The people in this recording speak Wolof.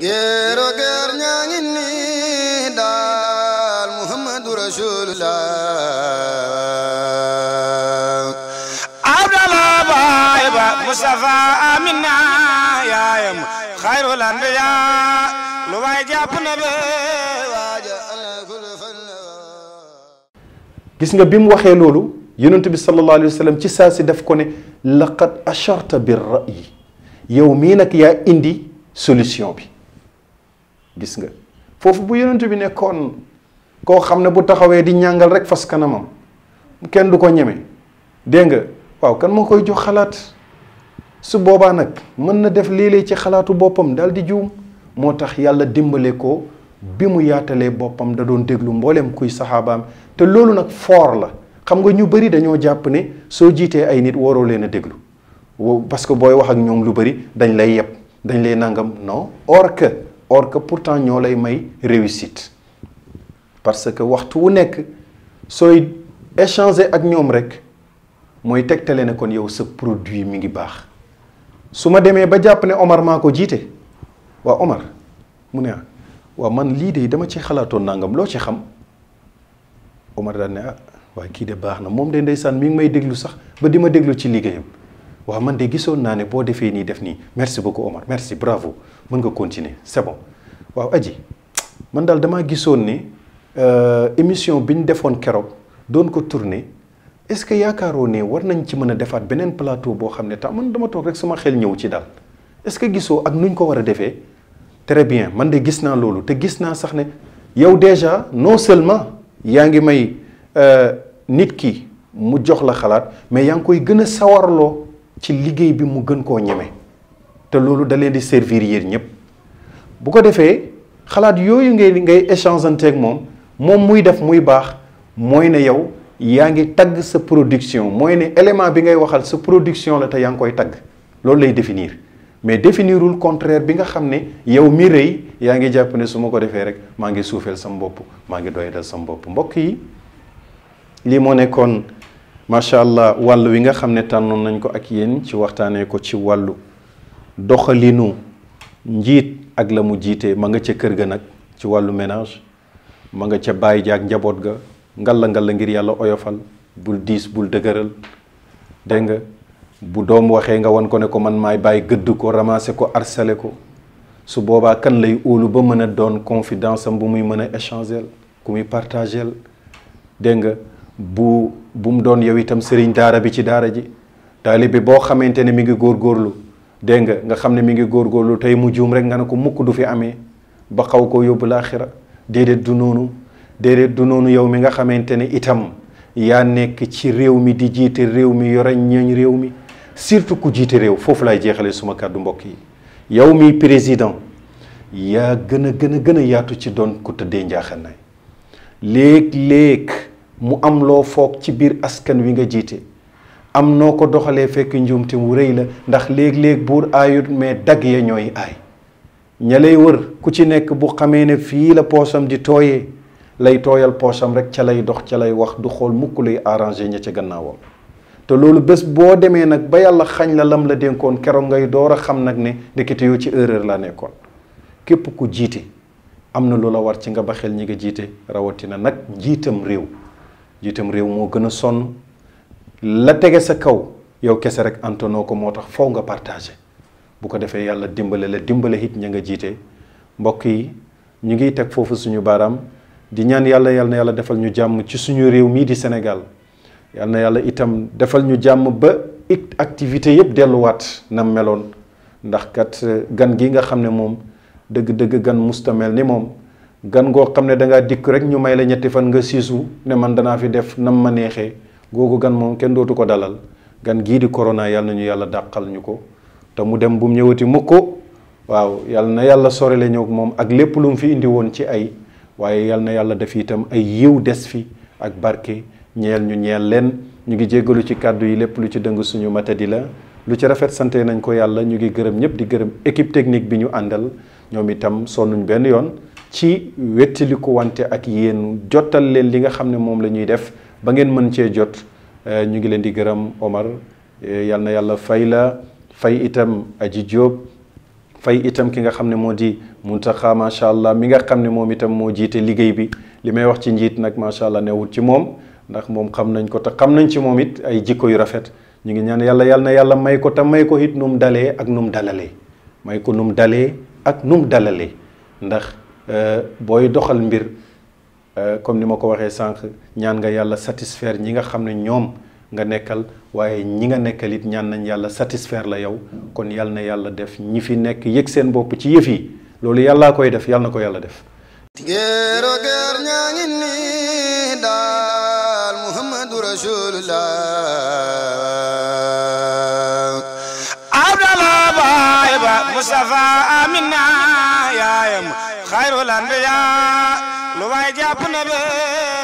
géero géer ñaa ngi nii daal muhammadu rasulullah abdala baay ba mustafa amina yaayam xayrul anbiya lu waay jàpp na be waaja gis nga bi mu waxee loolu yonent bi sallallahu alayhi ci saa si def ko ne laqad asharta bir ra'yi yow mii nag yaa indi solution bi gis nga foofu bu yonent bi nekkoon koo xam ne bu taxawee di ñàngal rek fas kanamam kenn du ko ñeme dégg nga waaw kan moo koy jox xalaat su boobaa nag mën na def léeg-léeg ci xalaatu boppam dal di juum moo tax yàlla dimbale ko bi mu yaatalee boppam da doon déglu mbooleem kuy saxaabaam te loolu nag foor la xam nga ñu bëri dañoo jàpp ne soo jiitee ay nit waroo leen a déglu parce que booy wax ak ñoom lu bari dañ lay yeb dañ lay nangam non or que or que pourtant ñoo lay may réussite parce que waxtu wu nekk sooy échanger ak ñoom rek mooy tegtale ne kon yow sa produit mi ngi baax su ma demee ba jàpp ne Omar maa ko jiite waa Omar mu ne ah waa man lii de dama ci xalaatoon nangam loo ci xam Omar daal ne ah waaye kii de baax na moom de ndeysaan mi ngi may déglu sax ba di ma déglu ci liggéeyam waaw man de gisoon naa ne boo defee nii def nii merci ko Omar merci bravo mën nga continuer sebon waaw aji man daal damaa gisoon ni euh, émission bi ñu defoon keroog doon ko tourné est-ce que yaakaaroo ne war nañ ci mën a defaat beneen plateau boo xam ne tam man dama toog rek sama xel ñëw ci daal est-ce que gisoo ak nuñ ko war a defee très bien man de gis naa loolu te gis naa sax ne yow déjà non seulement yaa ngi may euh, nit ki mu jox la xalaat mais yaa ngi koy gën a sawarloo ci liggéey bi mu gën koo ñeme te loolu da leen di servir yéen ñëpp. bu ko defee xalaat yooyu ngay ngay échangeante ak moom moom muy def muy baax mooy ne yow yaa ngi tagg sa production mooy ne élément bi ngay waxal sa production la te yaa ngi koy tagg loolu lay definiir mais définirul contraire bi nga xam ne yow mi rey yaa ngi jàpp ne su ma ko defee rek maa ngi suufeel sam mbopp maa ngi dal sam bopp mbokk yi lii moo nekkoon macha allah wàll wi nga xam ne tànnoon nañ ko ak yéen ci waxtaanee ko ci wàllu doxalinu njiit ak la mu jiitee ma nga ca kër ga nag ci wàllu ménage ma nga ca bàyyi jaag njaboot ga ngalla ngalla ngir yàlla oyofal bul diis bul dëgëral dégg nga bu doom waxee nga wan ko ne ko man may bàyyi gëdd ko ramasser ko harceler ko su boobaa kan lay óolu ba mën a doon confidence am bu muy mën a échanger ku muy partager dégg nga bu bu doon yow itam sëriñ daara bi ci daara ji bi boo xamante ne mi ngi góor góorlu dégg nga nga xam ne mi ngi góor góorgóorlu tey mu juum rek nga ne ko mukk du fi amee ba xaw koo yóbbu laa laaxira déedéet du noonu déedéet du noonu yow mi nga xamante ne itam yaa nekk ci réew mi di jiite réew mi yore ñeeñ réew mi surtout ku jiite réew foofu laay jeexalee suma kàddu mbokk yi yow mii président yaa gën a gën a gën a yaatu ci doon ku tëddee njaaxanaay léeg-léeg mu am loo foog ci biir askan wi nga jiite am noo ko doxalee fekk njuumte wu rëy la ndax léeg-léeg buur aayut mais dagg ya ñooy aay ña lay wër ku ci nekk bu xamee ne fii la poosam di tooyee lay tooyal poosam rek ca lay dox ca lay wax du xool mukk luy arrangé ña ca gannaawam te loolu bés boo demee nag ba yàlla xañ la lam la denkoon keroog ngay door a xam nag ne ndekete yoo ci erreur laa nekkoon képp ku jiite am na lu la war ci nga ba xel ñi nga jiite rawatina nag njiitam réew jiitam réew moo gën a sonn la tege sa kaw yow kese rek antonoo ko moo tax faw nga partagé bu ko defee yàlla dimbale la dimbale it ña nga jiite mbokk yi ñu ngi teg foofu suñu baaraam di ñaan yàlla yàlla na yàlla defal ñu jàmm ci suñu réew mii di Sénégal yàlla na yàlla itam defal ñu jàmm ba it activité yëpp delluwaat nam meloon ndax kat eh, gan gi nga xam ne moom dëgg-dëgg gan mustamel ni moom gan ngoo xam ne dangaa dikk rek ñu may la ñetti fan nga siisu ne man danaa fi def nam ma neexee googu gan moom kenn dootu ko dalal gan gii di corona yàlla nañu yàlla dàqal ñu ko te mu dem bu mu ñëwati mukk ko waaw yàlla na yàlla sorele ñëw moom ak lépp lu mu fi indi woon ci ay waaye yàlla na yàlla def itam ay yiw des fi ak barke ñeel ñu ñeel leen ñu ngi jéggalu ci kàddu yi lépp lu ci dëng suñu matadi la lu ci rafet sante nañ ko yàlla ñu ngi gërëm ñëpp di gërëm équipe technique bi ñu àndal ñoom itam sonnuñ benn yoon ci wettaliku wante ak yéen jottal leen li nga xam ne moom la ñuy def ba ngeen mën cee jot eh, ñu ngi leen di gërëm Omar eh, yal na yàlla fay la fay itam Aji Diop fay itam ki nga xam ne moo di Muntaxa macha allah mi nga xam ne moom itam moo jiite liggéey bi li may wax ci njiit nag macha allah newul ci moom ndax moom xam nañ ko te xam nañ ci moom it ay jikko yu rafet ñu ngi ñaan yàlla yal na yàlla may ko te may ko it nu dalee ak nu mu dalalee may ko nu mu dalee ak nu mu dalalee ndax eh, booy doxal mbir. Euh, comme ni ma ko waxee sànq ñaan nga yàlla satisfaire ñi nga xam ne ñoom nga nekkal waaye ñi nga nekkal it ñaan nañ yàlla satisfaire la yow kon yàlla na yàlla def ñi fi nekk yëg seen bopp ci yëf yi loolu yàllaa koy def yàlla na ko yàlla def. géero géer ñaa ngi nii daal Muhammadu Rasulullah Abdallah baay ba Mustafa Amina yaayam xayrul anbiyaa lu waay jàpp na ba